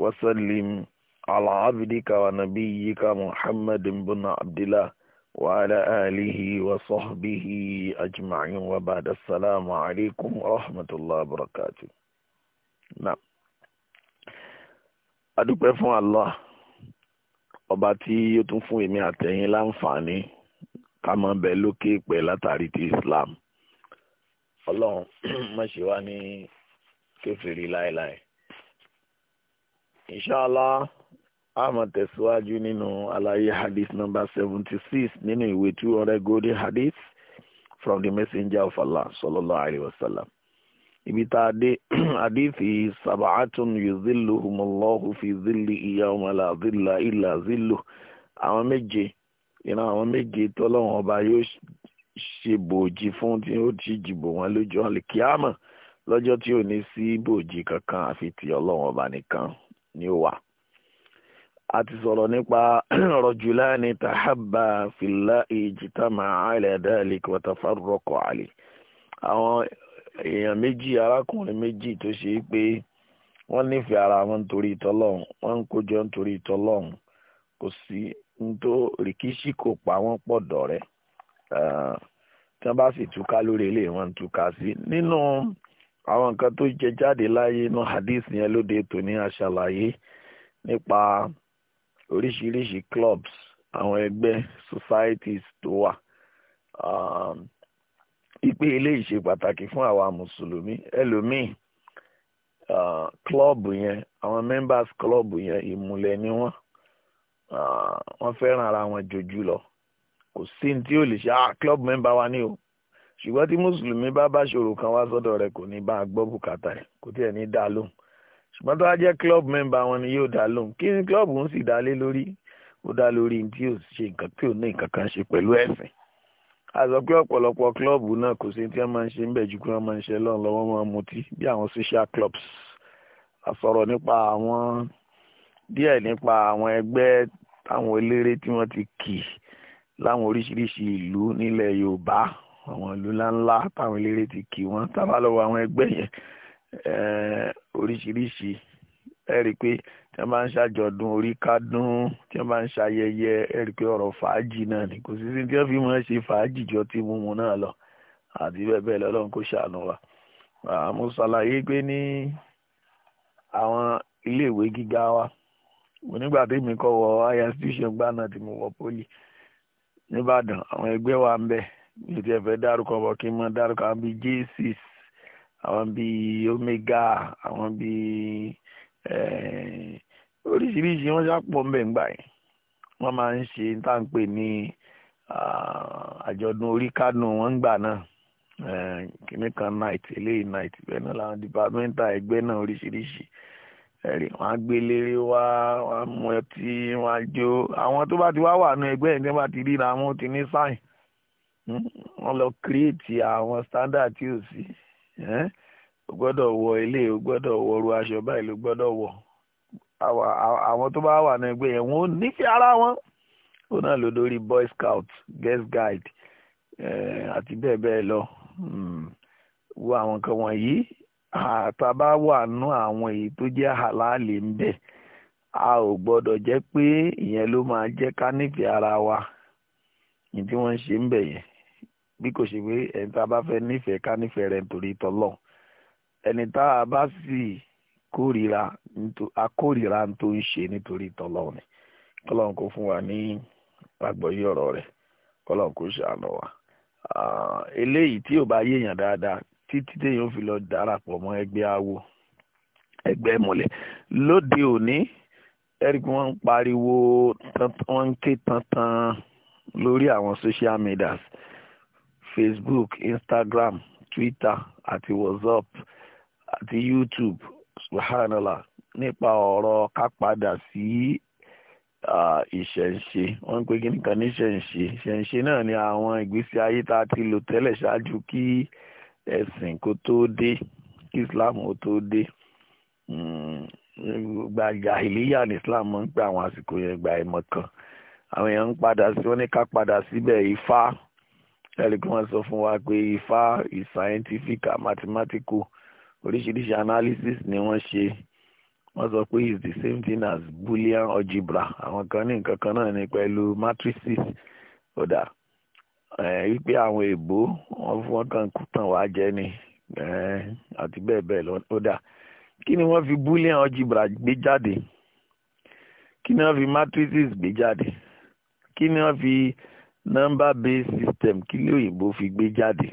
وسلم على عبدك ونبيك محمد بن عبد الله وعلى آله وصحبه أجمعين وبعد السلام عليكم ورحمة الله وبركاته نعم adúpẹ́ fún Allah ọba tí ó tún fún èmi àtẹ̀yìn láǹfààní ká mọ́ bẹ lókè pẹ̀ látàrí ti Islam ọlọ́run má ṣe wá ní kèfèrí láéláé inshallah a máa tẹ̀síwájú nínú àlàyé hadith number seventy six nínú ìwé two hundred golden hadith from the messenger of allah sallallahu alayhi wa sallam ibi tá a dé hadithi sab'atun yuzilluhumullahu fi zillihi yawma la zilla illa zilluh àwọn méje iná àwọn méje tọ́lọ́wọ́n ọba yóò ṣe bòòjì fún tí ó ti jìbò wọn lójú àlìkíámà lọ́jọ́ tí ò ní sí bòòjì kankan àfi ti ọlọ́wọ́n ọba nìkan ni a ti sọ̀rọ̀ nípa rajulani tahabba fillahi ijtama'a ala dhalika wa tafarraqa alayhi àwọn èèyàn méjì arákùnrin méjì tó ṣe é pé wọ́n ara wọn nítorí tọ́lọ́hún wọ́n ń kójọ nítorí kò sí kò pa wọ́n pọ̀ dọ̀rẹ́ tí wọ́n bá sì túká lórí ilé wọn túká sí nínú. àwọn nǹkan tó jẹ jáde láyé inú hadith yẹn lóde tòní aṣàlàyé nípa oríṣiríṣi clubs àwọn ẹgbẹ́ societies tó wà ipe um, eléyìí ṣe pàtàkì fún àwa mùsùlùmí ẹlòmíì klọ́ọ̀bù uh, yẹn àwọn members club yẹn ìmùlẹ̀ ni wọ́n uh, wọ́n fẹ́ràn ara wọn jòjú lọ kò sí ní tí yóò lè ṣe ah club member wa ni o ṣùgbọ́n tí mùsùlùmí bá bá ṣòro kan wá sọ́dọ̀ rẹ̀ kò ní bá a gbọ́ bùkátà ẹ̀ kò tiẹ̀ ní dá lóhùn ṣùgbọ́n tó bá jẹ́ club member wọn ni yóò dá lóhùn kí ni club ń sì dá lé lórí ó dá lórí tí ò ṣe nǹkan tí ò ní nǹkan kan ṣe pẹ̀lú ẹ̀sìn a sọ pé ọ̀pọ̀lọpọ̀ club náà kò sí tí wọ́n máa ń ṣe ń bẹ̀ ju pé wọ́n máa ń ṣe lọ́wọ́ máa mutí bí àwọn social clubs a sọ̀rọ̀ nípa àwọn díẹ̀ nípa àwọn ẹgbẹ́ táwọn eléré tí wọ́n ti kì láwọn oríṣiríṣi ìlú nílẹ̀ Yorùbá àwọn ìlú ńláńlá táwọn eléré ti kì wọ́n tábà lọ́wọ́ àwọn ẹgbẹ́ yẹn oríṣiríṣi ẹ rí i pé tí wọ́n bá ń ṣàjọ̀dún orí kádùn tí wọ́n bá ń ṣayẹyẹ ẹ rí i pé ọ̀rọ̀ fàájì náà ni kò sí sí tí wọ́n fi máa ń ṣe fàájì jọ tí mo mú náà lọ àti bẹ́ẹ̀ bẹ́ẹ̀ lọ́lọ́run kò ṣàánú wa. mo ṣàlàyé pé ní àwọn iléèwé gíga wa mo nígbà tí mi kọ́ wọ higher institution gbá náà tí mo wọ poli nìbàdàn àwọn ẹgbẹ́ wa ń bẹ́ẹ̀ mi ò tiẹ̀ fẹ́ dárúkọ bọ̀ kí n mọ dárúkọ àwọn bíi jesus àwọn bíi omega àwọn bíi eh, oríṣiríṣi wọ́n ṣàpọ̀ mbẹ̀ ńgbà yẹn wọ́n máa ń ṣe tá à ń pè ní ah, àjọ̀dún orí kánò wọn ńgbà náà eh, kìnnì kan night eléyìí night bẹ́ẹ̀ náà làwọn dìpámẹ́ǹtà ẹgbẹ́ náà oríṣiríṣi ẹ̀rí wọn á gbélé wá wọn á mú ẹtí wọn á jó àwọn tó bá ti wá wà nù ẹgbẹ́ yẹn tí wọ́n bá ti ríra wọn ó ti ní sáìn wọ́n lọ kírèètì àwọn standard tí ó sí o gbọ́dọ̀ wọ ilé o gbọ́dọ̀ wọru aṣọ báyìí ló gbọ́dọ̀ wọ àwọn tó bá wà náà yẹn wọn nífẹ̀ẹ́ ara wọn ó náà boy scout guest guide àti bẹ́ẹ̀ lọ hmm. wo àwọn wọ̀nyí wà nú àwọn èyí tó jẹ́ ń a ò gbọ́dọ̀ jẹ́ pé ìyẹn ló máa jẹ́ ká nífẹ̀ẹ́ wa ní tí wọ́n ń ṣe bí kò ṣe pé ẹni tá a bá fẹ́ nífẹ̀ẹ́ ká nífẹ̀ẹ́ rẹ̀ nítorí tọ́lọ̀ ẹni tá a bá sì kórìíra akórìíra tó ń ṣe nítorí tọ́lọ̀ ni kọ́lọ́n kó fún wa ní àgbọ̀yé ọ̀rọ̀ rẹ̀ kọ́lọ́n kó ṣàánú wa eléyìí tí ò bá yéèyàn dáadáa títí téèyàn fi lọ darapọ̀ mọ́ ẹgbẹ́ awo ẹgbẹ́ mọ̀lẹ́ lóde òní eric wọ́n ń pariwo wọ́n ń ké tantan lórí àwọn social medias facebook instagram twitter àti whatsapp àti youtube subhanallah nípa ọ̀rọ̀ ká padà sí ìṣẹ̀ǹṣe wọ́n ń pè kí nìkan ní ìṣẹ̀ǹṣe ìṣẹ̀ǹṣe náà ni àwọn ìgbésí ayé tá a ti lò tẹ́lẹ̀ ṣáájú kí ẹ̀sìn kó tó dé kí islam ó tó dé gbàgbà ìlíyà ní islam ń pè àwọn àsìkò yẹn gba ìmọ̀ kan àwọn èèyàn ń padà sí wọn ní ká padà síbẹ̀ ifá ẹ̀ríkún wọn sọ fún wa pé ifá is scientific and mathematical oríṣiríṣi analysis ni wọ́n ṣe wọ́n sọ pé it's the same thing as boolean algebra àwọn kan ní nǹkan kan náà ni pẹ̀lú matrices ọ̀dà wípé àwọn èèbó wọ́n fún wọn kàn tàn wá jẹ ni àti bẹ́ẹ̀ bẹ́ẹ̀ lọ ọ̀dà kí ni wọ́n fi boolean algebra gbé jáde kí ni wọ́n fi matrices gbé jáde kí ni wọ́n fi number base system kí ló òyìnbó fi gbé jáde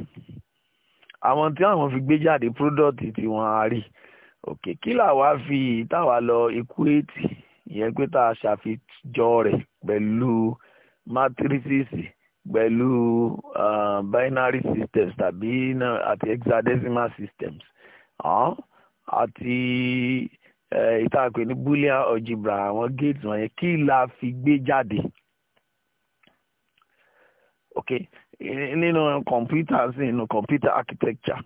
àwọn tí àwọn fi gbé jáde product tí wọ́n á rí òkè kí làwa fi táwa lọ equate ìyẹn pé tá a ṣàfijọ́ rẹ̀ pẹ̀lú matrices pẹ̀lú uh, binary systems tàbí àti hexadecimal systems àti ìtàpé ní boolean algebra àwọn gates wọ̀nyẹn kí la fi gbé jáde ok nínú computer sí nínú computer architecture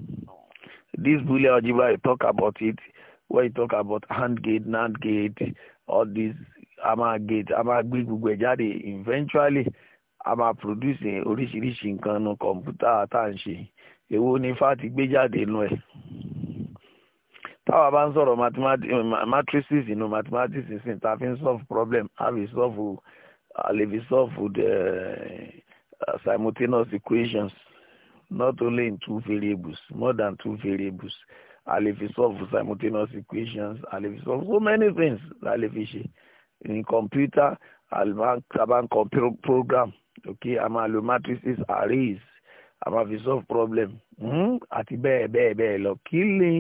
this Bule algebra you talk about it when you talk about hand gate NAND gate all this ama gate ama gbé gbogbo ẹ̀ jáde eventually AMA máa produce oríṣiríṣi nǹkan nu kọ̀ǹpútà tá à ń ṣe èwo ni fáti gbé jáde nu ẹ̀ táwa bá ń sọ̀rọ̀ matrices inú mathematics sin ta fi ń solve problem How we solve How we solve the. Eh, Uh, simultaneous equations not only in two variables more than two variables I'll lè fi solve simultaneous equations I'll lè fi solve so many things I'll lè fi ṣe in computer alman computer program okay I'm a máa lo matrices arrays a máa solve problem hmm? àti bẹ́ẹ̀ bẹ́ẹ̀ bẹ́ẹ̀ lọ kí ni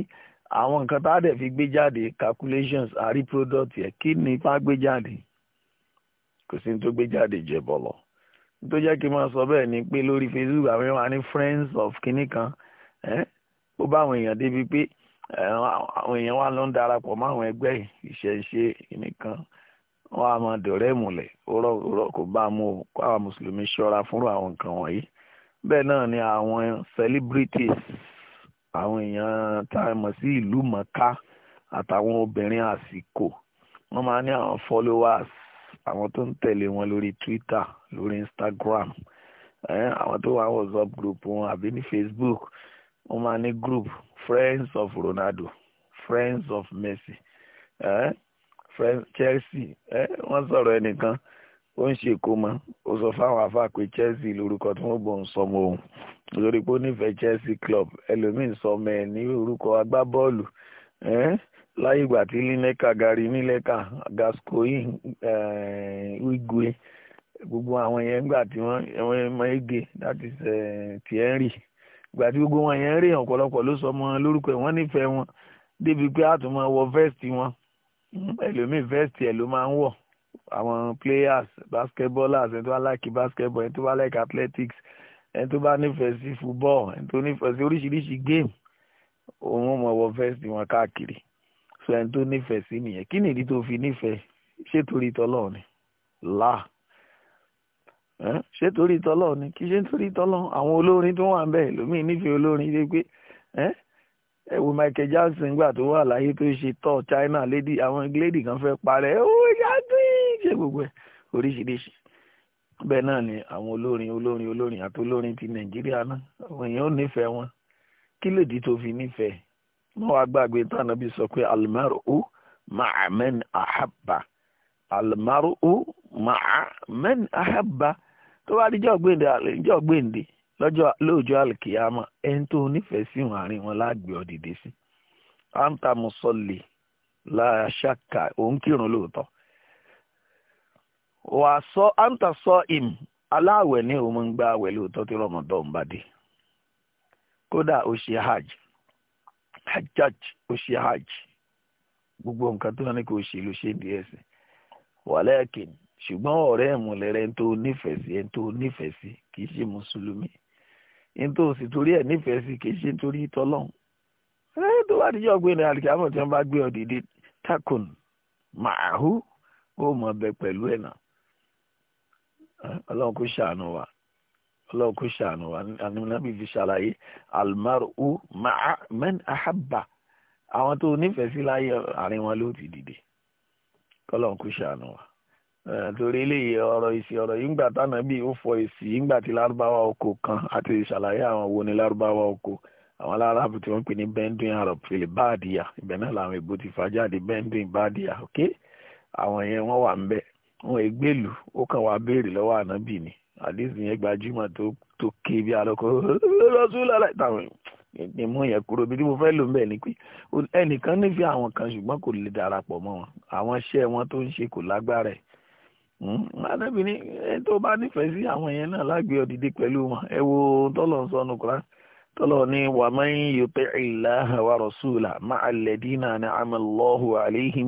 àwọn nǹkan tá a dẹ̀ fi gbé jáde calculations àrí product yẹ kí ni ipá gbé jáde kò sí ní tó gbé jáde jẹ bọ̀lọ̀ tó jẹ́ kí n máa sọ bẹ́ẹ̀ ni pé lórí Facebook àwọn èèyàn wà ní friends of kinní kan ó bá àwọn èèyàn débi pé àwọn èèyàn wà ló ń darapọ̀ mọ́ àwọn ẹgbẹ́ ìṣẹ̀ṣe kinní kan wọ́n á máa dọ̀rẹ́ ìmùlẹ̀ òrọ̀ kò bá mu o kó àwọn mùsùlùmí ṣọ́ra fúnra àwọn nǹkan wọ̀nyí bẹ́ẹ̀ náà ni àwọn celebrities àwọn èèyàn tá a mọ̀ sí ìlú mọ̀ká àtàwọn obìnrin àsìkò wọ́n máa ní àwọn followers àwọn tó ń tẹ̀lé wọn lórí Twitter lórí Instagram àwọn tó wà WhatsApp group wọn àbí ní Facebook wọ́n máa ní group friends of Ronaldo friends of Messi friends Chelsea eh? wọ́n sọ̀rọ̀ ẹnìkan ó ń ṣe kó mọ ó sọ fáwọn àfáà pé Chelsea lórúkọ tí wọ́n gbọ́ ń sọmọ òun lórí pé ó nífẹ̀ẹ́ Chelsea club ẹlòmíín sọmọ ẹ̀ ní orúkọ agbábọ́ọ̀lù. Eh? láyé ìgbà tí lineka gari nílẹ̀ka gascoigne eh, igwe gbogbo àwọn yẹn gbà tí wọ́n ẹ̀wọ̀n ege that is eh, thierry gbà tí gbogbo wọn yẹn ń rèèyàn ọ̀pọ̀lọpọ̀ ló sọ ọmọ lórúkọ ẹ̀ wọ́n nífẹ̀ẹ́ wọn débi pé àtúmọ̀ wọ vẹ́ẹ̀sì wọn hmm, ẹlòmíì vẹ́ẹ̀sì ẹ̀ ló máa ń wọ̀ àwọn players basketballers ẹni tó bá láìkí basketball ẹni tó bá láìkí athletics ẹni tó bá nífẹ̀ẹ́ sí football ẹni tó nífẹ̀ẹ́ sí oríṣiríṣi game òun mọ̀ wọ vẹ́ẹ̀sì wọn káàkiri pé ẹni tó nífẹ̀ẹ́ sí nìyẹn kí nìdí tó fi nífẹ̀ẹ́ ṣé torí ni là ṣé torí tọ́lọ́ ni kí ṣe torí tọ́lọ́ àwọn olórin tó wà ń bẹ̀ lómìn nífẹ̀ẹ́ olórin ṣe pé ẹ wo Michael Jackson gbà tó wà láyé tó ṣe tọ́ China lady àwọn lady kan fẹ́ parẹ́ ó yá dín ṣe gbogbo ẹ̀ oríṣiríṣi bẹ́ẹ̀ náà ni àwọn olórin olórin olórin àti olórin ti Nàìjíríà náà àwọn èèyàn ò nífẹ̀ẹ́ wọn kí lèdí tó fi nífẹ̀ẹ́ wọ́n wá gbàgbé tánà bí sọ u ma'a man ahabba alimaru ma'a man ahabba tó bá díjọ́ gbèǹde àlejò gbèǹde lọ́jọ́ ẹni tó nífẹ̀ẹ́ sí wọn àárín wọn láàgbé ọ dìde sí anta musolli láṣàkà òun sọ im hajj hajjaj ó ṣe hajj gbogbo nǹkan tó ní kò ṣe ló ṣe bí ẹsẹ̀ wàlẹ́ẹ̀kìn ṣùgbọ́n ọ̀rẹ́ ìmùlẹ̀rẹ́ ń tó nífẹ̀ẹ́ sí ń tó nífẹ̀ẹ́ sí kì í ṣe mùsùlùmí ń tó sì torí ẹ̀ nífẹ̀ẹ́ sí kì í ṣe tọ́lọ́hún tó bá ọlọ́run kò ṣàánú wa anábì fi ṣàlàyé almaru ma'a men ahaba, àwọn tó nífẹ̀ẹ́ sí láyé àárín wọn ló ti dìde ọlọ́run kò ṣàánú wa torí eléyìí ọ̀rọ̀ ìsì ọ̀rọ̀ yìí ńgbà tánà bí ó fọ ìsì ńgbà tí lárúbáwá oko kan àti ìṣàlàyé àwọn wo ni lárúbáwá oko àwọn aláràbù tí wọ́n pè ní bendin arab fìlè báàdìyà ibẹ̀ náà làwọn èbó ti fà jáde bendin báàdìyà ok àwọn yẹn wọ́n wà ń bẹ̀ wọ́n ègbèlú ó kàn wá béèrè lọ́wọ́ ànábì ni àdéhùn yẹn gbajúmọ̀ tó tó ké bí alọ́kọ́ lọ́sùlọ́ láìtàwọn ní mú yẹn kúrò bí mo fẹ́ lò ń bẹ̀ ni pé ẹnìkan nífẹ̀ẹ́ àwọn kan ṣùgbọ́n kò lè darapọ̀ mọ́ wọn àwọn iṣẹ́ wọn tó ń ṣe kò lágbára ẹ̀ hmm? tó bá nífẹ̀ẹ́ sí àwọn yẹn náà lágbé pẹ̀lú wọn ẹ wo tọ́lọ̀ ń sọnù kúrá tọ́lọ̀ wà wa rasulahu ma'a alladhina an'ama Allahu alayhim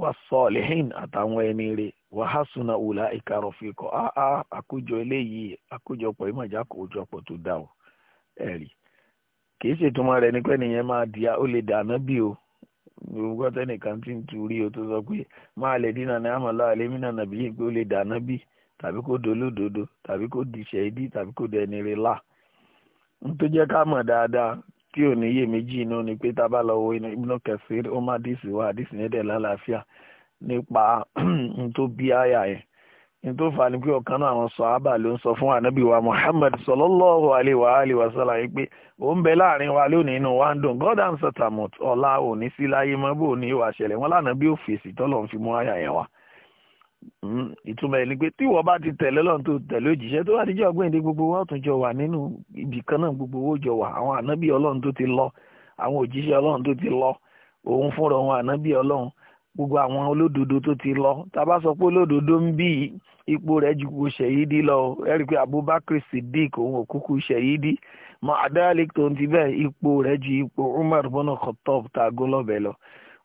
wà sọ̀lẹ́hìn àtàwọn ẹni rẹ̀ wà hásùnà òòlà ìkarọ̀ fi kọ́ áá àkójọ eléyìí àkójọpọ̀ ìmọ̀já àkójọpọ̀ tó dá o ẹ̀rí kìí ṣètúmọ̀ rẹ̀ ní pé nìyẹn máa di ó lè dànù bí o gbogbo tẹnìkan tí ń tu rí o tó sọ pé máa lè dínà ní àmàlà àlẹ́mínà nàbí yìí pé ó lè dànù bí tàbí kó dolódodo tàbí kó di ṣẹ́ẹ́dí tàbí kó dẹni rẹ̀ láà tó jẹ́ ká mọ̀ dáadáa tí ò ní yè méjì inú ni pé tá a bá lọ wo Ibn Kathir ó má díìsì wá àdìsí yẹn dẹ̀ lálàáfíà nípa n bí àyà yẹn n tó fà pé ọ̀kan náà àwọn sàhábà ló ń sọ fún ànábì wa Muhammad sallallahu alaihi wa alihi wa sallam yìí pé ó ń bẹ láàrin wa lónìí inú wa ń dùn God answer tamut ọ̀la òní sí láyé mọ́ bò ní ìwà ṣẹlẹ̀ wọn lánàá bí ó fèsì tọ́lọ́ ń fi mú àyà yẹn wá Hmm, ìtumọ̀ ẹni pé tí wọ́n bá ti tẹ̀lé lọ́run tó tẹ̀lé òjíṣẹ́ tó bá ti jẹ́ ọgbẹ́ni gbogbo wọn tún jọ wà nínú ibì kan náà gbogbo owó jọ wà àwọn ànábì ọlọ́run tó ti lọ àwọn òjíṣẹ́ ọlọ́run tó ti lọ òun fúnra wọn ànábì ọlọ́run gbogbo àwọn olódodo tó ti lọ tá a bá sọ pé olódodo ń bí ipò rẹ̀ ju gbogbo ṣèyídì lọ ẹ rí i pé Abubakar Siddiq òun òkúkú ṣèyídì mọ adáyàlè tó ń ti bẹ́ẹ̀ ipò rẹ̀ ju ipò Umar bọ́nà Khattab tá a gólọ́bẹ̀ lọ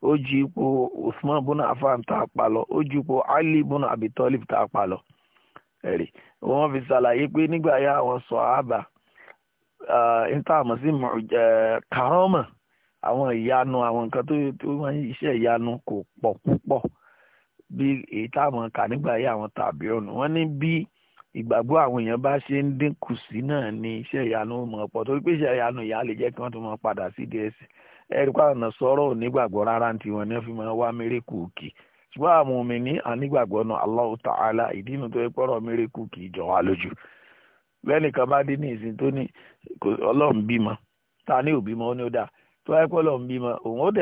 o ji ikwu usman buna afan tá a pa lọ o ji ikwu ali buna abitolib tá a pa lọ ẹ̀rí wọ́n fi ṣàlàyé pé nígbà yá àwọn sọ̀hábà ìtààmù sí kàrọ́mà àwọn ìyanu àwọn nǹkan tó wọ́n iṣẹ́ ìyanu kò pọ̀ púpọ̀ bí ìtààmù kà nígbà yá àwọn tàbí ọ̀nà wọn ní bí ìgbàgbọ́ àwọn èèyàn bá ṣe ń dínkù sí náà ni iṣẹ́ ìyanu mọ̀ pọ̀ torí pé iṣẹ́ ìyanu ìyá lè jẹ́ kí wọ́n tún mọ̀ padà sí díẹ̀ ẹ̀ríkọ́ àná sọ̀rọ̀ onígbàgbọ́ rárá tí wọn ní fi máa wá òkè ṣùgbọ́n àwọn omi ní ànígbàgbọ́ náà Allahu Ta'ala ìdí inú tó yẹ pọ́rọ̀ mérekù kì í jọ wá bá dé ní ìsìn tó ní ọlọ́run bímọ ta ní òbí mọ́ ó ní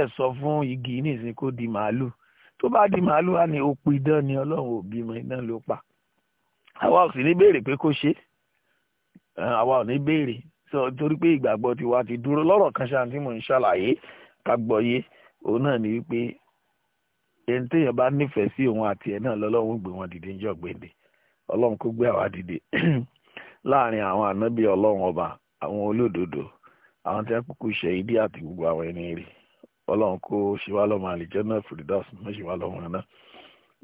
ó sọ fún igi ní ìsìn kó di di màálù idán ni ọlọ́run ò pa àwa ò sì ní béèrè pé kó ṣe sọ torí pé ìgbàgbọ́ tiwa ti dúró lọ́rọ̀ kan ṣáà tí mò ń ṣàlàyé kágbọ́yé òun náà ni wípé ẹni téèyàn bá nífẹ̀ẹ́ sí òun àti ẹ̀ náà lọ́lọ́run gbé wọn dìde níjọ́ gbèdè ọlọ́run kó gbé àwa dìde láàrin àwọn ànábì ọlọ́run ọba àwọn olódodo àwọn tí wọ́n kúkú ṣe ìdí àti gbogbo àwọn ẹni rí ọlọ́run kó ṣe wá lọ́mọ àlìjẹ́nà fìdídàsì mọ́ ṣe wá lọ́mọ náà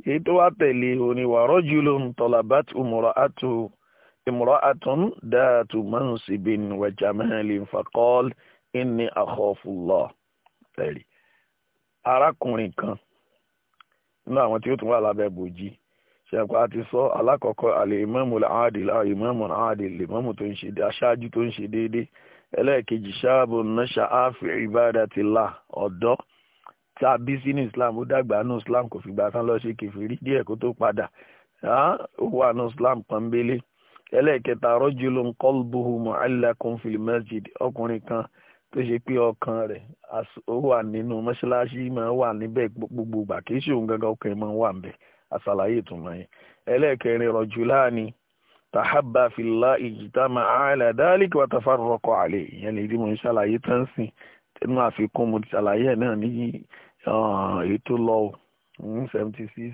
èyí tó wá tẹ̀lé òní wàrọ́jú ló tọ́lá bá ti òmùrọ̀ àtò imra'atun datu mansibin wa jamalin faqal inni akhafullah ẹ̀rí arákùnrin kan nínú àwọn tí ó tún wà lábẹ́ bòjì ṣẹ̀pá àti sọ alákọ̀ọ́kọ́ àlè ìmáàmù àádìl ìmáàmù àádìl ìmáàmù tó ń ṣe aṣáájú tó ń ṣe déédéé ẹlẹ́ẹ̀kejì ṣáàbù náṣà áfì ibadatillah ọ̀dọ́ tá a bí sínú islam ó dàgbà nù islam kò fìgbà kan lọ ṣe kẹfìrí díẹ̀ kó tó padà ó wà nù islam pọ́nbélé ẹlẹ́ẹ̀kẹta rọ́júlù kọ́lbùhù mu'allakun fil masjid ọkùnrin kan tó ṣe pé ọkàn rẹ̀ ó wà nínú mọ́ṣáláṣí máa wà níbẹ̀ gbogbo ìgbà kì í ṣe òun gangan ọkùnrin máa wà níbẹ̀ àṣàlàyé ìtumọ̀ yẹn ẹlẹ́ẹ̀kẹrin rọ̀jùláàni tàhábà fìlà ìjìtàmà àlà dálíkì wà tàfàrọ̀kọ̀ àlè ìyẹn lè rí mo ń ṣàlàyé tán sìn nínú àfikún mo ti ṣàlàyé ẹ̀ náà ní ètò lọ́wọ́ seventy six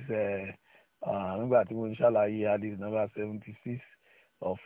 nígbà tí mo ṣàlàyé hadith number seventy six.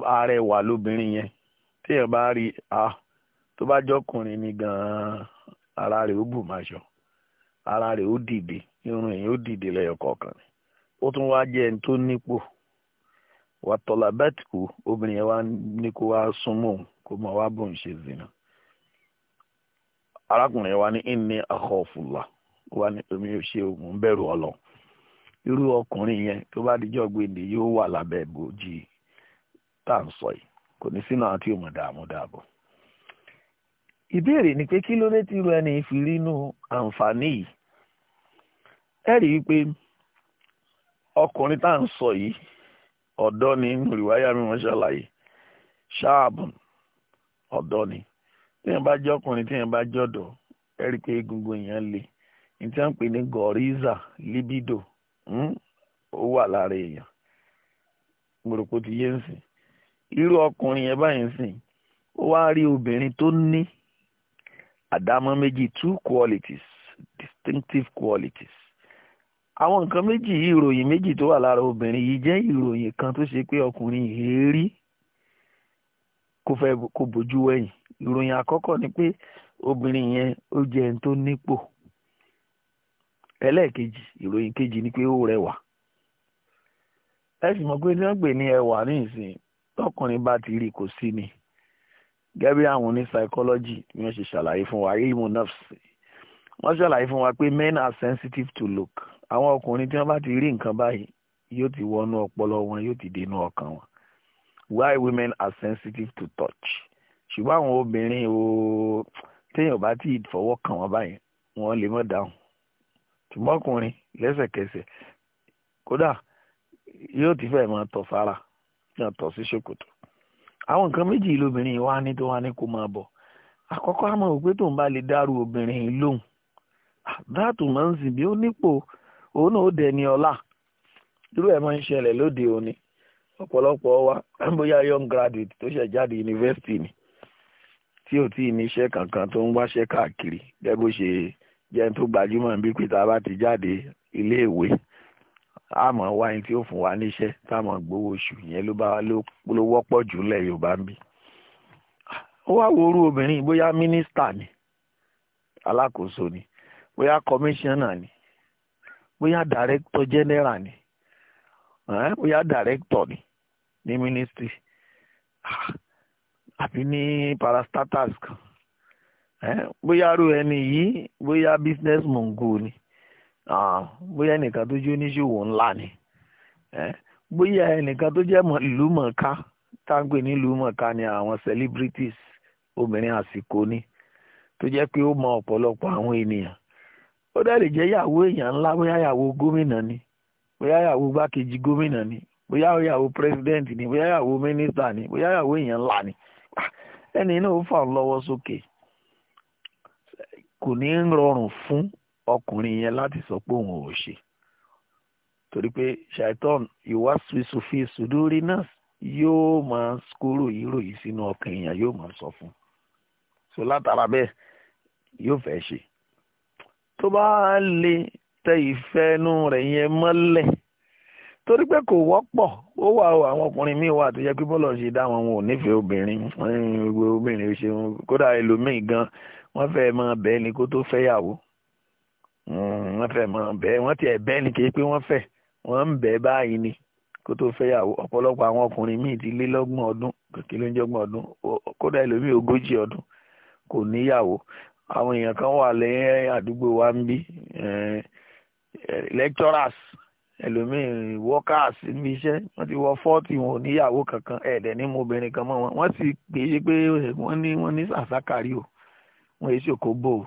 arẹwà lóbìnrin yẹn téèyàn bá rí a tó bá jọkùnrin ni gan-an ara rẹ̀ ó bù ara rẹ̀ ó dìde irun ó dìde ni ó tún wá jẹ ẹni tó nípò wà tọ́lá bẹ́ẹ̀tì kú obìnrin yẹn wá ní kó wá súnmọ́ òun kó mọ̀ wá bóun ṣe zina ọlọ irú ọkùnrin yẹn tó bá gbèdé yóò wà lábẹ́ tá à ń sọ yìí kò ní sínú àti òmò dààmú dààbò. ìbéèrè ni pé kí ló dé tí irú ẹni fi rí inú àǹfààní yìí ẹ rí i pé ọkùnrin tá à ń sọ yìí ọ̀dọ́ ni mi ni bá jẹ́ ọkùnrin bá ẹ rí egungun le ní tí wọ́n ń pè ní libido hmm, ó wà lára èèyàn mo ti yé ń sìn irú ọkùnrin yẹn báyìí sìn ó wá rí obìnrin tó ní àdámọ́ méjì two qualities distinctive qualities àwọn nǹkan méjì yìí ìròyìn méjì tó wà lára obìnrin yìí jẹ́ ìròyìn kan tó ṣe pé ọkùnrin yìí rí kó fẹ́ kó bójú wẹ̀yìn ìròyìn àkọ́kọ́ ni pé obìnrin yẹn ó jẹ́ ẹni tó nípò ẹlẹ́ẹ̀kejì ìròyìn kejì ni pé ó rẹwà ẹ sì mọ̀ pé ní wọ́n ní ẹwà ní ìsìn tọkùnrin bá ti rí kò sí ni gẹ́gẹ́ àwọn oní psychology ni wọ́n ṣe ṣàlàyé fún wa ilmu nafsi wọ́n ṣàlàyé fún wa pé men are sensitive to look àwọn ọkùnrin tí wọ́n bá ti rí nǹkan báyìí yóò ti wọnú ọpọlọ wọn yóò ti dénú ọkàn wọn why women are sensitive to touch ṣùgbọ́n àwọn obìnrin o téèyàn bá ti fọwọ́ kàn wọ́n báyìí wọ́n lè mọ̀ dáhùn ṣùgbọ́n ọkùnrin lẹ́sẹ̀kẹsẹ̀ kódà yóò ti fẹ́ máa tọ̀ fara yàtọ̀ sí ṣòkòtò àwọn nǹkan méjì lóbìnrin wa ní tó wá ní kó máa bọ̀ àkọ́kọ́ àmọ́ òpé tóun bá lè dárú obìnrin lóhùn dáàtò máa ń sìn bí ó nípò òun náà ó de ọlá irú ẹ̀ máa ń ṣẹlẹ̀ lóde òní ọ̀pọ̀lọpọ̀ wa bóyá young graduate tó ṣẹ̀ jáde yunifásitì ni tí ò tí ì kankan tó ń wáṣẹ́ káàkiri ṣe tó gbajúmọ̀ bí pété abá àmọ́ wá ní tí ó fún wa níṣẹ́ táwọn gbowó oṣù yẹn ló bá ló wọ́pọ̀ jù lẹ̀ yorùbá ń bí. ó wá wo orú obìnrin bóyá mínísítà ni alákòóso ni bóyá kọmíṣánná ni bóyá dàrẹ́kítọ̀ jẹ́nẹ́rà ni bóyá dàrẹ́kítọ̀ ni ní mínísítírì àbí ní parastatus kan bóyá arú ẹni yìí bóyá business mogul ni bóyá ẹnìkan tó jẹ́ oníṣòwò ńlá ni bóyá ẹnìkan tó jẹ́ ìlúmọ̀ọ́ká táǹgbè ní ìlúmọ̀ọ́ká ni àwọn celebrities obìnrin àsìkò ni tó jẹ́ pé ó mọ ọ̀pọ̀lọpọ̀ àwọn ènìyàn ó dẹ̀ lè yàwó èèyàn ńlá bóyá ni bóyá yàwó gómìnà ni bóyá yàwó president ni bóyá yàwó minister ni bóyá yàwó èèyàn ọkùnrin yẹn láti sọ pé òun ò ṣe torí pé shaitan ìwà sufi suduri náà yóò máa kúrò ìrò yìí sínú ọkàn èèyàn yóò máa sọ fún un so látara bẹ́ẹ̀ yóò fẹ́ ṣe tó bá lè tẹ ìfẹ́ inú rẹ̀ yẹn mọ́lẹ̀ torí pé kò wọ́pọ̀ ó wà ó àwọn ọkùnrin míì wà tó yẹ pé bọ́lọ̀ ṣe dá wọn wọn ò obìnrin obìnrin ṣe kódà ẹlòmíì gan wọ́n fẹ́ máa bẹ́ẹ̀ ni kó tó fẹ́yàwó Mm, wọ́n fẹ́ mọ́ bẹ́ẹ̀ wọ́n tiẹ̀ bẹ́ẹ̀ ni kì í pé wọ́n fẹ́ wọ́n ń bẹ́ẹ̀ báyìí ni kó tó fẹ́yàwó ọ̀pọ̀lọpọ̀ àwọn ọkùnrin míì ti lé lọ́gbọ̀n ọdún kìkì ló ń jọ́gbọ̀n ọdún kódà ẹlòmíì ogójì ọdún kò níyàwó àwọn èèyàn kan wà lẹ́yìn àdúgbò wa ń bí eh, eh, lecturers ẹlòmíì workers níbi iṣẹ́ wọ́n ti wọ fọ́ọ̀tì wọn ò níyàwó kankan ẹ̀ẹ́dẹ̀ ní mo obìnrin kan mọ́ wọn wọ́n sì pè é pé wọ́n ní wọ́n ní sàsákàrí o wọ́n èsì òkó bò ó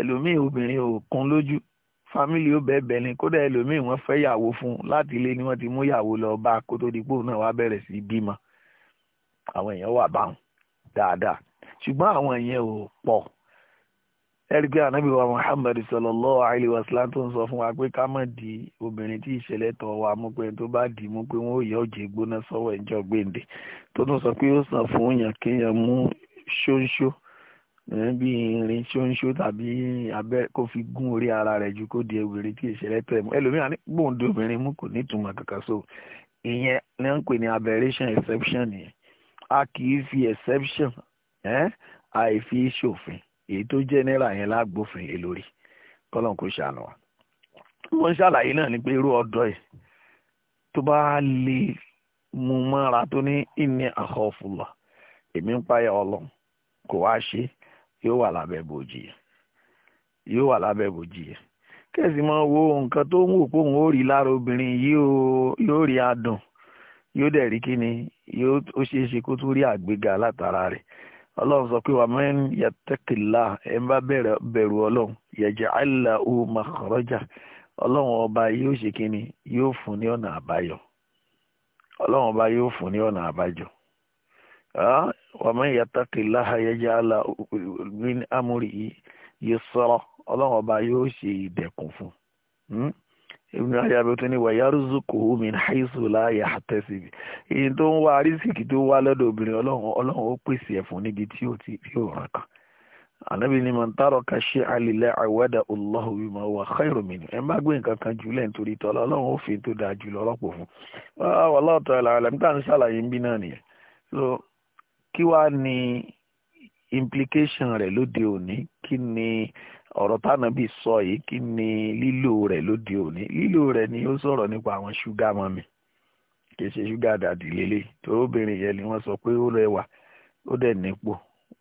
ẹlòmíì obìnrin ò kún lójú fámìlì ó bẹ̀bẹ̀ ni kódà ẹlòmíì wọ́n fẹ́ yàwó fún un láti ilé ni wọ́n ti mú yàwó lọ bá a kó tó di pò náà wá bẹ̀rẹ̀ sí bímọ àwọn èèyàn wà báwọn dáadáa ṣùgbọ́n àwọn èèyàn ò pọ̀ ẹ̀rí pé ànábì wa Muhammad sallallahu alayhi wa sallam tó ń sọ fún wa pé ká má di obìnrin tí ìṣẹ̀lẹ̀ tọ̀ wá mú pé tó bá dì í mú pé wọ́n yọ òjè gbóná sọ́wọ́ ẹ̀jọ́ gbèǹde tó tún sọ pé ó sàn fún yàn kéèyàn mú ṣóńṣó bí irin ṣóńṣó tàbí abẹ́ kó fi gún orí ara rẹ̀ ju kó di ewèrè tí ìṣẹ̀lẹ̀ tẹ̀ mú ẹlòmíràn ní gbòǹde obìnrin mú kò ní kankan so ìyẹn ni wọ́n ń pè ní aberration exception nìyẹn a kì í fi exception àìfi ṣòfin èyí tó general yẹn lágbófin lé lórí kò ṣàánú wa wọ́n ń ṣàlàyé náà ni pé irú ọ̀dọ́ ẹ̀ tó bá lè mú mọ́ra tó ní ìní àkọ́fùlà èmi ń páyà ọlọ́run kò wá ṣe é yóò wà lábẹ́ bòjì yóò wà lábẹ́ bòjì kẹ̀sì mọ wo nǹkan tó ń wò pé òun ó rí lára obìnrin yìí ó yóò rí adùn yóò dẹ̀ rí kíni yóò ó ṣeé ṣe kó tún rí àgbéga látara rẹ̀ ọlọ́run sọ pé wà man yattaqillah ẹ̀ ń bá bẹ̀rù ọlọ́run yaj'al lahu makhraja ọlọ́run ọba yóò ṣe kíni yóò fún ní ọ̀nà àbáyọ ọlọ́run ọba yóò fún ní ọ̀nà àbájọ ah, wàmọ́ ìyàtàkì láhàyẹ́jà àlà min amúrì yìí sọ̀rọ̀ ọlọ́run ọba yóò ṣe ìdẹ̀kùn fún un ibùdó ayé abẹ́tún ni wàyárùzù kò min haisu láàyè àtẹ́síbi èyí tó ń wá arísìkì tó wá lọ́dọ̀ obìnrin ọlọ́run ọlọ́run ó pèsè ẹ̀fún níbi tí ó ti fi òràn kan ànábì ni màá ká ṣe àlìlẹ̀ àwẹ̀dà Allahu bima wà khairu minhu ẹ̀ má gbé nǹkan kan jùlẹ̀ nítorí tọ́lá ọlọ́run ó fi tó dáa jùlọ rọ́pò fún wàhálà ọ̀tọ̀ ẹ̀ làwọn àlàmì tá à ń ń bí náà nìyẹn kí wàá ní implication rẹ̀ lóde òní kí ni ọ̀rọ̀ tánàbí sọ yìí kí ni lílò rẹ̀ lóde òní lílò rẹ̀ ni ó sọ̀rọ̀ nípa àwọn ṣúgà mọ́mi kì í ṣe ṣúgà dàdí lélẹ̀ torí obìnrin yẹn ni wọ́n sọ pé ó rẹwà ó dẹ̀ nípò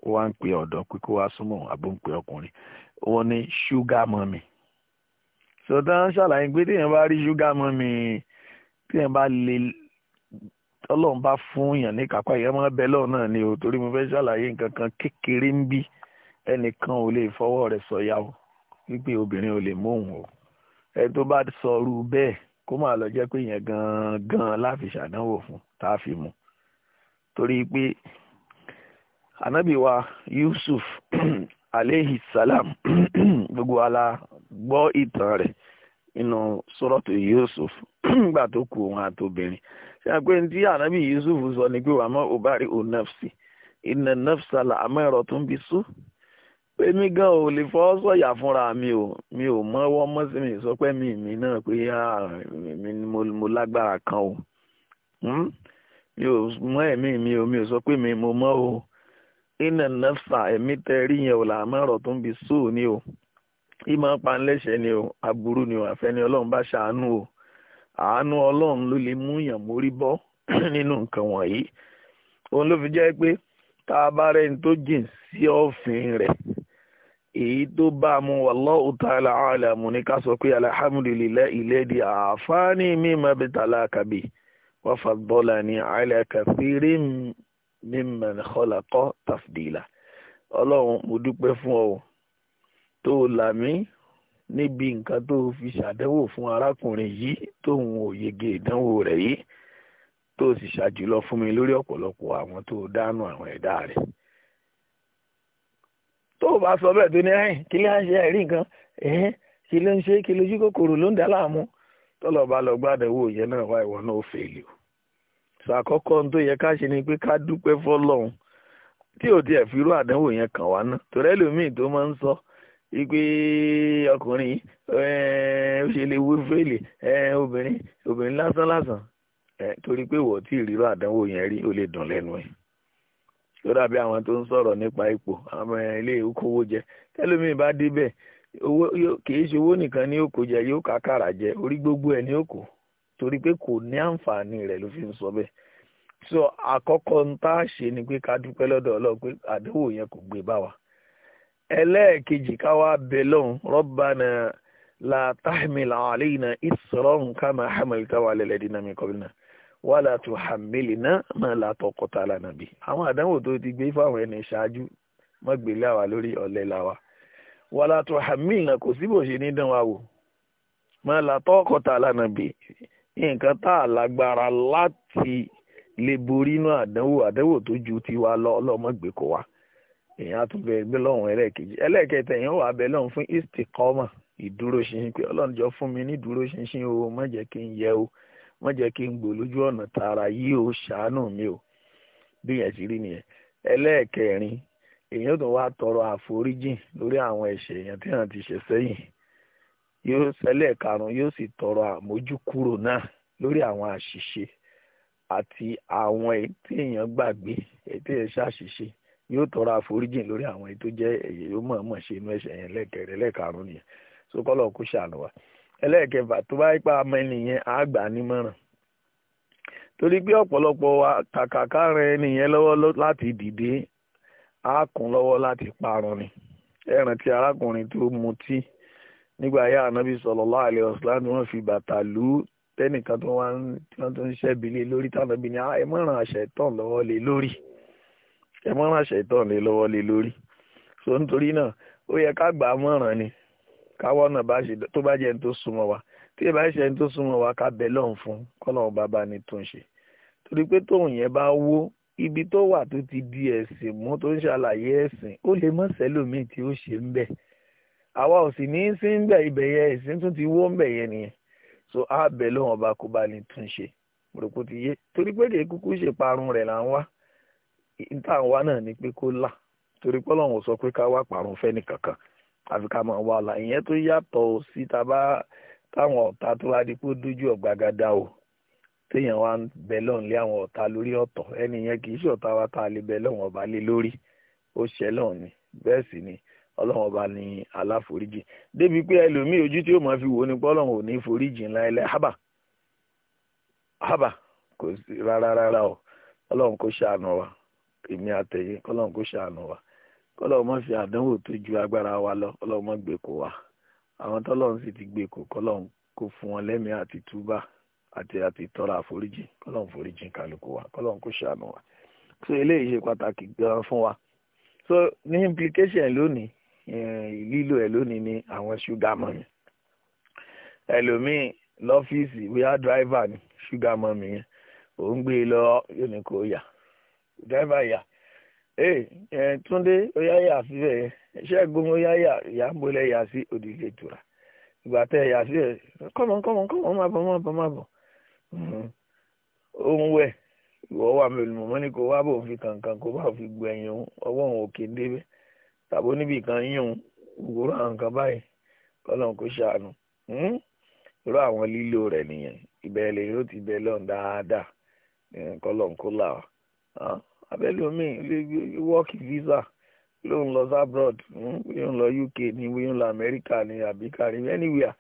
ó wá ń pe ọ̀dọ́ pé kó wá súnmọ́ àbó ń pe ọkùnrin wọ́n ní ṣúgà mọ́mi sọ̀tàn ṣàlàyé pé téèyàn bá rí ṣúgà mọ́mi téèyàn bá lè tọ́lọ́run bá fún yàn ní kápá ìyá máa bẹ lọ́ọ̀ náà ni o torí mo fẹ́ ṣàlàyé nǹkan kan kékeré ń bí ẹnìkan ò lè fọwọ́ rẹ̀ sọ̀yà o wípé obìnrin ò lè móhùn o ẹ tó bá sọrú bẹ́ẹ̀ kó máa lọ jẹ́ pé yẹn gan-an láfi ṣàdánwò fún tá a fi mú torí pé ànábì Yusuf aleyhi salam gbogbo ala gbọ́ ìtàn rẹ̀ nínú sọ́rọ́tò Yusuf nígbà tó kù òun àtòbìnrin ṣe àpé ní tí ànábì Yusuf sọ ni pé wàá mọ òbárí ò nẹ́fṣì ìnà nẹ́fṣà là àmọ́ ẹ̀rọ tó ń bi sú pé mi gan ò lè fọ́ sọ̀yà fúnra mi ò mi ò mọ́wọ́ mọ́ sí mi sọ pé mi mi náà pé mo lágbára kan o hmm? mi ò mọ́ ẹ̀mí mi ò mi ò sọ pé mi mo mọ́ o ìnà nẹ́fṣà ẹ̀mí tẹ́ rí yẹn ò là àmọ́ ẹ̀rọ tó ń bi sú ni o ìmọ̀ panlẹ́sẹ̀ ni o aburú ni o àfẹ́ni ọlọ́run bá ṣàánú o àánú ọlọ́run ló lè mú yàn mórí bọ́ nínú nǹkan wọ̀nyí òun ló fi jẹ́ pé tá a bá rẹ́ni tó jìn sí ọ̀fìn rẹ̀ èyí tó bá a mú wallahu ta'ala alamu ní ká sọ pé alhamdulillah alladhi àfáàní mimma btalaka bi wa faddalani ala kathirin mimman khalaqa tafdila ọlọ́run mo dúpẹ́ fún ọ tó là níbi nǹkan tó fi ṣàdánwò fún arákùnrin yìí tóun ò yege ìdánwò rẹ̀ yìí tó sì ṣàjùlọ fún mi lórí ọ̀pọ̀lọpọ̀ àwọn tó dánú àwọn ẹ̀dá rẹ̀ tó o bá sọ bẹ́ẹ̀ tó ní ẹ̀yìn kí ló ń ṣe nǹkan ló ń ṣe kí ló ń dá láàmú tọ́lọ̀ bá lọ yẹn náà wá ìwọ náà fèlè o ṣàkọ́kọ́ tó yẹ ká ṣe ni pé ká dúpẹ́ tí ò wípé ọkùnrin ó eh, ṣe lè wú fèlè eh, obìnrin obìnrin lásán lásán eh, torí pé wọ́n ti ríro àdánwò yẹn rí ó lè dùn lẹ́nu ẹ̀ ó dàbí àwọn tó ń sọ̀rọ̀ nípa ipò àwọn ilé ìkówó jẹ tẹ́lómìn bá débẹ̀ kì í ṣe owó nìkan ní jẹ yóò kàkàrà jẹ orí gbogbo ẹ̀ ní torí pé kò ní àǹfààní rẹ ló fi ń sọ so àkọ́kọ́ ń tá a ṣe ni pé ká yẹn kò gbé bá wa ẹlẹ́ẹ̀kejì káwá belon rọ́bànà la tahmil na isran kama hamaltahu wa alladhina min qablina wala tuhammilna ma la taqata lana bi. àwọn àdánwò tó ti gbé fáwọn ẹni ṣáájú má gbé lé àwa lórí ọ̀lẹ́ làwa wala tuhammilna kò síbò ṣe ní dán wa wò ma la taqata lana bi nǹkan tá a lágbára láti lè borí inú àdánwò àdánwò tó ju tiwa lọ wa. èèyàn á tún bẹ ẹgbẹ́ lọ́hùn ẹlẹ́ẹ̀kejì ẹlẹ́ẹ̀kẹta èèyàn wà bẹ fún istikọ́mà ìdúró ṣinṣin pé ọlọ́run jọ fún mi ní ìdúró ṣinṣin o jẹ́ kí n yẹ o wọ́n jẹ́ kí n gbòlójú ọ̀nà tààrà yí o o bí yẹn ti rí nìyẹn èèyàn tó wá tọrọ àforíjìn lórí àwọn ẹ̀ṣẹ̀ èèyàn tí wọ́n ti yóò tọrọ àforíjìn lórí àwọn èyí tó jẹ́ èyí yóò mọ̀ọ́mọ̀ ṣe inú ẹ̀ṣẹ̀ yẹn lẹ́kẹ̀rẹ́ lẹ́karùn-ún nìyẹn sókọ́lọ̀ kó ṣàánú wa ẹlẹ́ẹ̀kẹfà tó bá ipa ọmọ ènìyàn á gbà nímọ̀ràn torí pé ọ̀pọ̀lọpọ̀ wa kàkàkà ran ènìyàn lọ́wọ́ láti dìde á kún lọ́wọ́ láti parun ni ẹran tí arákùnrin tó mutí nígbà yá ànábì sallallahu alaihi wasallam ni wọ́n fi bàtà lù ú tẹ́nìkan tó wá ń ṣẹ́bi lé lórí tànàbí ni ẹ mọ̀ràn àṣẹ tán lọ́wọ́ lé lórí ẹ mọ́ ránṣẹ́ ìtàn lé lọ́wọ́ lé lórí so nítorí náà ó yẹ ká gbà á mọ̀ràn ni káwọ́ náà bá ṣe tó bá jẹ́ ẹni tó súnmọ́ wa tí ìbá ṣe ẹni tó súnmọ́ wa ká bẹ̀ lọ́hùn fún kọ́lọ́hùn bàbá ni tó ń ṣe torí pé tóun yẹn bá wó ibi tó wà tó ti di ẹ̀sìn mú tó ń ṣàlàyé ẹ̀sìn ó lè mọ̀ sẹ́lòmíì tí ó ṣe ń bẹ̀ àwa ò sì ní í sí ń bẹ̀ ibẹ̀ yẹn ẹ̀sìn tún ti wó ń bẹ̀ yẹn nìyẹn so á bẹ̀ lọ́hùn ọba kó bá ní tún ṣe mo rò pé ó ti yé torí pé kì í kúkú ṣèparun rẹ̀ là ń wá ìta wa náà ni pé kó là torí pọ́lọ́hún sọ pé ká wá pààrùn fẹ́ àfi ká máa wá là ìyẹn tó yàtọ̀ sí tábà táwọn ọ̀tá tó wá di pé ó o téèyàn wá ń bẹ lọ́hùn lé àwọn ọ̀tá lórí ọ̀tọ̀ ẹni yẹn kì í ṣe ọ̀tá wa tá a lè bẹ lọ́hùn ọba lé lórí ó ṣẹ ni bẹ́ẹ̀ sì ni ọlọ́run ọba aláforíjì débi pé ẹlòmíì ojú tí ó máa fi wò ó ní ò ní foríjì ńlá ẹlẹ́ hábà hábà kò sí rárá rárá o kò ṣàánú wa èmi àtẹ̀yìn kọ́lọ́n kó ṣàánú wa kọ́lọ́n mọ́ fi àdánwò tó ju agbára wa lọ kọ́lọ́n mọ́ gbé kó wa àwọn tọ́lọ́n sì ti gbé kó kọ́lọ́n kó fún wọn lẹ́mìí àti túbà àti àti tọrọ àforíjì kọ́lọ́n foríjì kálukú wa kọ́lọ́n kó ṣàánú wa so eléyìí ṣe pàtàkì gan fún wa so ní implication lónìí eh, lílo ẹ̀ lónìí ni àwọn ṣúgà mọ́mì ẹlòmíì lọ́fíìsì bóyá dráìvà ni ṣúgà mọ́mì yẹn òun gbé e lọ yóò ní kó yà dẹ́rẹ́bà yà ee eh, eh, túndé oyáyà síbẹ̀ ṣẹ́gun oyáyà ìyá ń bolẹ̀ yà sí òdìlẹ̀ ìtura ìgbà tẹ yà síbẹ̀ kọ́mọ kọ́mọ kọ́mọ má bọ̀ má bọ̀ má bọ̀ òun hmm. wẹ̀ ìwọ wà mọ́ ní wá bò kankan bá gbọ ẹ̀yìn ọwọ́ òun òkè débẹ̀ níbi kan báyìí ṣàánú hmm. irú àwọn lílo rẹ̀ nìyẹn Ah, abẹ́lómi wọ́ọ̀kì visa ló ń lọ abroad hmm, bóyá ń lọ UK ní bóyá ń lọ Amẹ́ríkà ní àbí kárí anywhere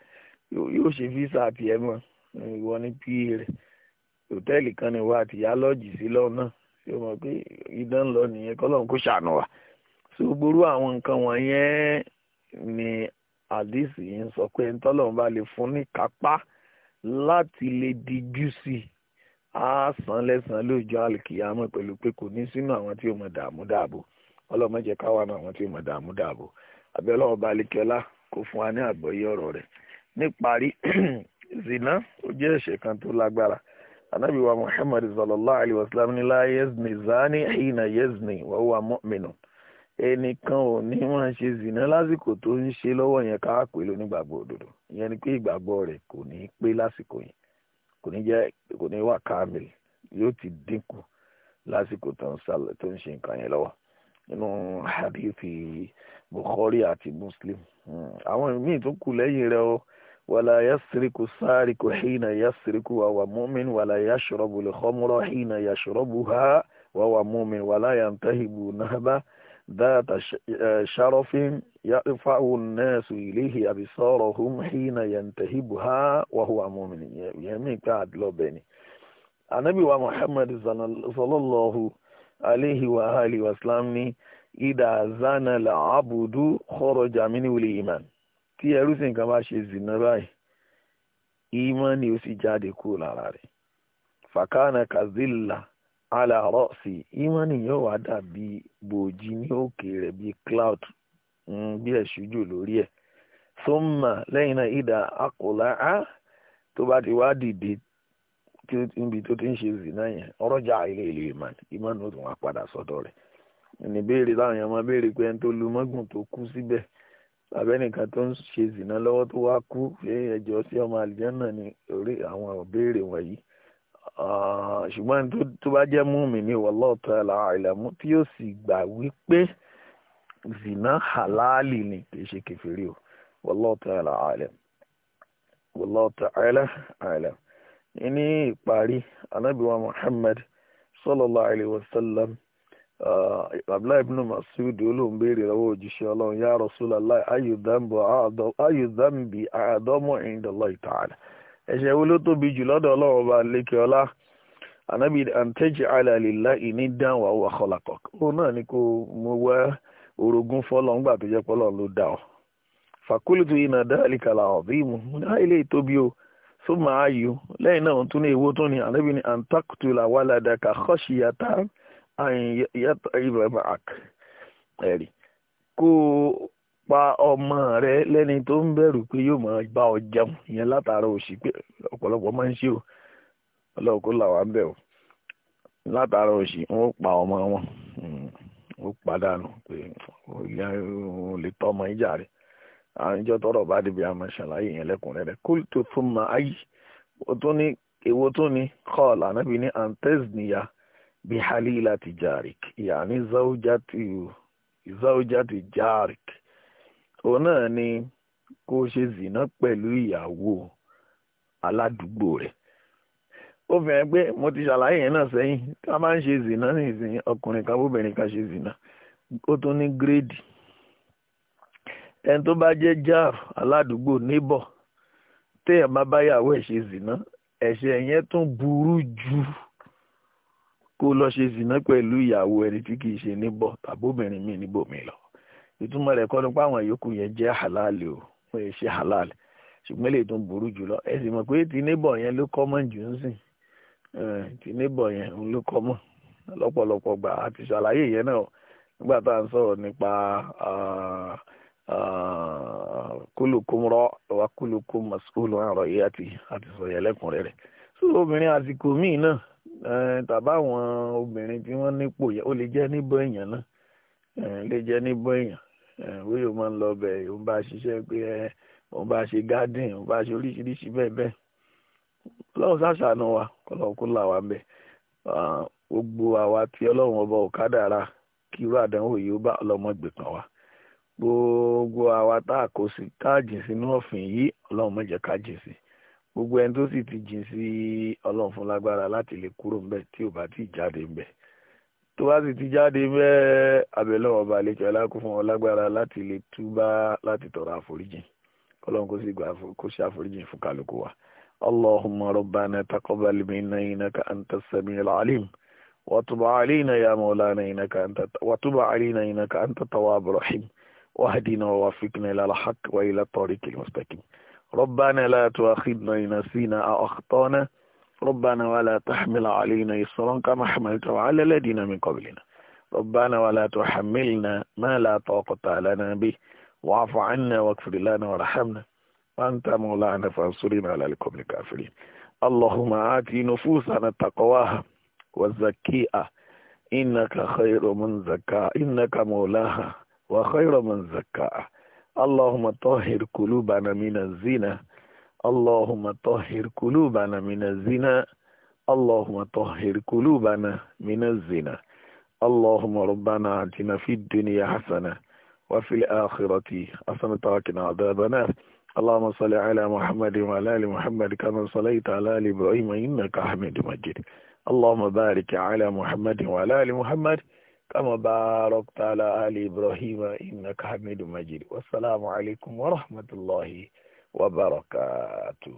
yóò ṣe visa àti ẹ̀ mọ́ hmm, ìwọ ní pa rẹ̀ hòtẹ́ẹ̀lì kan ní wa àtìyá lọ́ọ̀jì sí lọ́nà ṣé o mọ̀ pé idán lọ nìyẹn kọ́lọ́n kó ṣàánú wa so gbòòrò àwọn nǹkan wọ̀nyẹn ni àdìsí yìí ń sọ pé ntọ́lọ́run bá lè fún ní kápá láti lè díjú sí i á san lẹ́sàn-án lóòjọ́ àlùkìyàmọ̀ pẹ̀lú pé kò ní sínú àwọn tí ó mọ̀ dààmú dààbò ọlọ́mọ jẹ́ ká wà ní àwọn tí ó mọ̀ dààmú dààbò abẹ́lẹ́ ọba alikẹ́lá kó fún wa ní àgbọ́yé ọ̀rọ̀ rẹ̀ níparí zina ó jẹ́ ẹ̀ṣẹ̀ kan tó lágbára anabi wa muhammad sallallahu alayhi wa sallam ní yezni zani hina yezni wa huwa mu'minun ẹnìkan ò ní máa ṣe zina lásìkò tó ń ṣe lọ́wọ́ yẹn ká pè lónígbàgbọ́ òdodo ìyẹn ni pé ìgbàgbọ́ rẹ̀ kò ní í pé lásìkò yẹn kò ní jẹ́ kò ní wà káàmìlì yóò ti dínkù lásìkò tó ń sálẹ̀ tó ń ṣe nǹkan yẹn lọ́wọ́ nínú hadithi bukhari àti muslim àwọn míì tún kù lẹ́yìn rẹ̀ o wàlà yasiriku sáàriku hìnà yasiriku wàwà mọ́mìn wàlà yasorobu lè xọ́múrọ̀ hìnà yasorobu ha wàwà mọ́mìn wàlà yàntàhìbù nàbà. ذات شرف يرفع الناس إليه أبصارهم حين ينتهبها وهو مؤمن يمين قاعد لو بني النبي محمد صلى الله عليه وآله وسلم إذا زان العبد خرج منه الإيمان tí ẹrú كما nǹkan bá ṣe zìnà báyìí ìmánì ó sì jáde alárọ̀ọ̀sì ìmọ̀nì yóò wá dàbí bòójì ní òkè rẹ̀ bíi cloud mm, bí ẹ̀ṣújò lórí ẹ̀ sọ́mà lẹ́yìn náà ìdá akọ̀lá á tó bá ti wá dìde níbi tó ti ń ṣe zìnà yẹn ọ̀rọ̀jà ilé ìlú ó tún wá padà sọ́dọ̀ rẹ̀ béèrè máa béèrè pé ẹni tó lu mọ́gùn tó kú síbẹ̀ abẹ́nìkan tó ń ṣe lọ́wọ́ tó wá kú ẹjọ́ sí ọmọ ni orí Ah, ṣùgbọ́n tó bá jẹ́ múmi ní wallahu ta'ala a'lamu tí yóò sì gbà wípé zina halali ni kì í ṣe kẹfìrí o wallahu ta'ala a'lam wallahu ta'ala a'lam ní ìparí anábìwá Muhammad sallallahu alayhi wa sallam ah, abdullahi ibn masud olóhùn béèrè lọ́wọ́ òjíṣẹ́ ọlọ́run ya Rasulullah ayu dhanbi a'zamu inda ẹ̀ṣẹ̀ wo ló tóbi jù lọ́dọ̀ ọlọ́run ọba lékè ọlá anabi anteji alalila ìní dán wà wà kọlàkọ òun náà ni kò mo wá orogún fọlọ ńgbà tó jẹ pọlọ ló dá ọ fàkúlùtù iná dáàlìkàlà ọbí mu ah, náà ilé ìtóbi o súnmọ ayò lẹ́yìn náà tún ní èwo tún ní anabi ni antakutula wàládàkà kọṣíyàtà àyìn yàtọ ibrahim ak ẹrí kó pa ọmọ rẹ lẹ́ni tó ń bẹ̀rù pé yóò máa bá ọ jẹun ìyẹn látara òṣì pé ọ̀pọ̀lọpọ̀ máa ń ṣe o ọlọ́run kó là wá ń bẹ̀ o látara òṣì wọn ó pa ọmọ wọn hmm, ó padànù pé ìyá òun lè tọ́ ọmọ ìjà rẹ̀ àjọ tọrọ bá débi àmọ́ ṣàlàyé yẹn lẹ́kùnrẹ́rẹ́ kó tó tún máa ayé ó tún ní èwo tún ní kọ́ọ̀lù ànábì ní antes níyà bí halila jarik ìyá ní zaujati jarik òun náà ni kó ṣe zìnà pẹ̀lú ìyàwó aládùúgbò rẹ̀ ó fi hàn pé mo ti ṣàlàyé yẹn náà sẹ́yìn ká máa ń ṣe zìnà nísìnyí ọkùnrin kan bóbìnrin kan ṣe zìnà ó tún ní gírèdì ẹni tó bá jẹ́ jar aládùúgbò neighbor téèyàn bá báyàwó ẹ̀ ṣe zìnà ẹ̀ṣẹ̀ yẹn tún burú jù kó lọ ṣe zìnà pẹ̀lú ìyàwó ẹni tí kì í ṣe neighbor tàbóbìnrin míì níbòmí lọ ìtumọ̀ rẹ̀ kọ́ ni pé àwọn ìyókù yẹn jẹ́ halali o wọ́n yẹn ṣe halali ṣùgbọ́n eléyìí tó ń burú jùlọ ẹ sì mọ̀ pé ti neighbor yẹn ló kọ́ mọ̀ jù ń sìn ti neighbor yẹn òun ló kọ́ mọ̀ lọ́pọ̀lọpọ̀ gbà àti ṣàlàyé yẹn náà nígbà tá à ń sọ̀rọ̀ nípa kúlùkùm rọ wa kúlùkùm mas'ulun an ra'iyati àti sọ̀rọ̀ yẹn lẹ́kùnrẹ́rẹ́ so obìnrin àsìkò míì náà tàbá àwọn obìnrin tí wọ́n nípò yẹn ó lè jẹ́ níbọ̀ èèyàn náà lè jẹ́ níbọ̀ èèyàn wíyò máa ń lọ bẹ̀ òun bá ṣiṣẹ́ pé òun bá ṣe garden òun bá ṣe oríṣiríṣi bẹ́ẹ̀ bẹ́ẹ̀ ọlọ́run ṣàṣàánú wa ọlọ́run kó là wá ń bẹ̀ gbogbo àwa tí ọlọ́run ọba ọ̀kadà ra kí irú àdánwò yìí ó bá ọlọ́mọ gbè kàn wá gbogbo àwa tá a kó sí tá a jìn sínú ọ̀fìn yìí ọlọ́run má ká jìn sí gbogbo ẹni tó sì ti jìn sí ọlọ́run fún lágbára láti lè kúrò ńbẹ̀ tí ò bá ti jáde ńbẹ̀ tó bá sì ti jáde bẹ́ẹ̀ abẹ́lẹ́ ọba àlejò aláàkó fún wọn lágbára láti lè túbá láti tọrọ àforíjìn ọlọ́run kó sì gbà kó ṣe àforíjìn fún kálukú wa allahumma rabbana taqabbal minna innaka anta as-sami'ul alim wa tub alayna ya mawlana innaka anta wa tub alayna innaka anta at-tawwabur rahim واهدنا ووفقنا إلى الحق وإلى الطريق المستقيم ربنا لا تؤاخذنا إن نسينا أو أخطأنا ربنا ولا تحمل علينا إصرا كما حملته على الذين من قبلنا ربنا ولا تحملنا ما لا طاقة لنا به واعف عنا واغفر لنا وارحمنا وأنت مولانا فانصرنا على القوم الكافرين اللهم آت نفوسنا تقواها وزكيها إنك خير من زكا إنك مولاها وخير من زكاها اللهم طهر قلوبنا من الزنا اللهم طهر قلوبنا من الزنا اللهم طهر قلوبنا من الزنا اللهم ربنا آتنا في الدنيا حسنة وفي الآخرة حسنة وقنا عذاب النار اللهم صل على محمد وعلى آل محمد كما صليت على آل إبراهيم إنك حميد مجيد اللهم بارك على محمد وعلى آل محمد كما باركت على آل إبراهيم إنك حميد مجيد والسلام عليكم ورحمة الله wa barakatuh.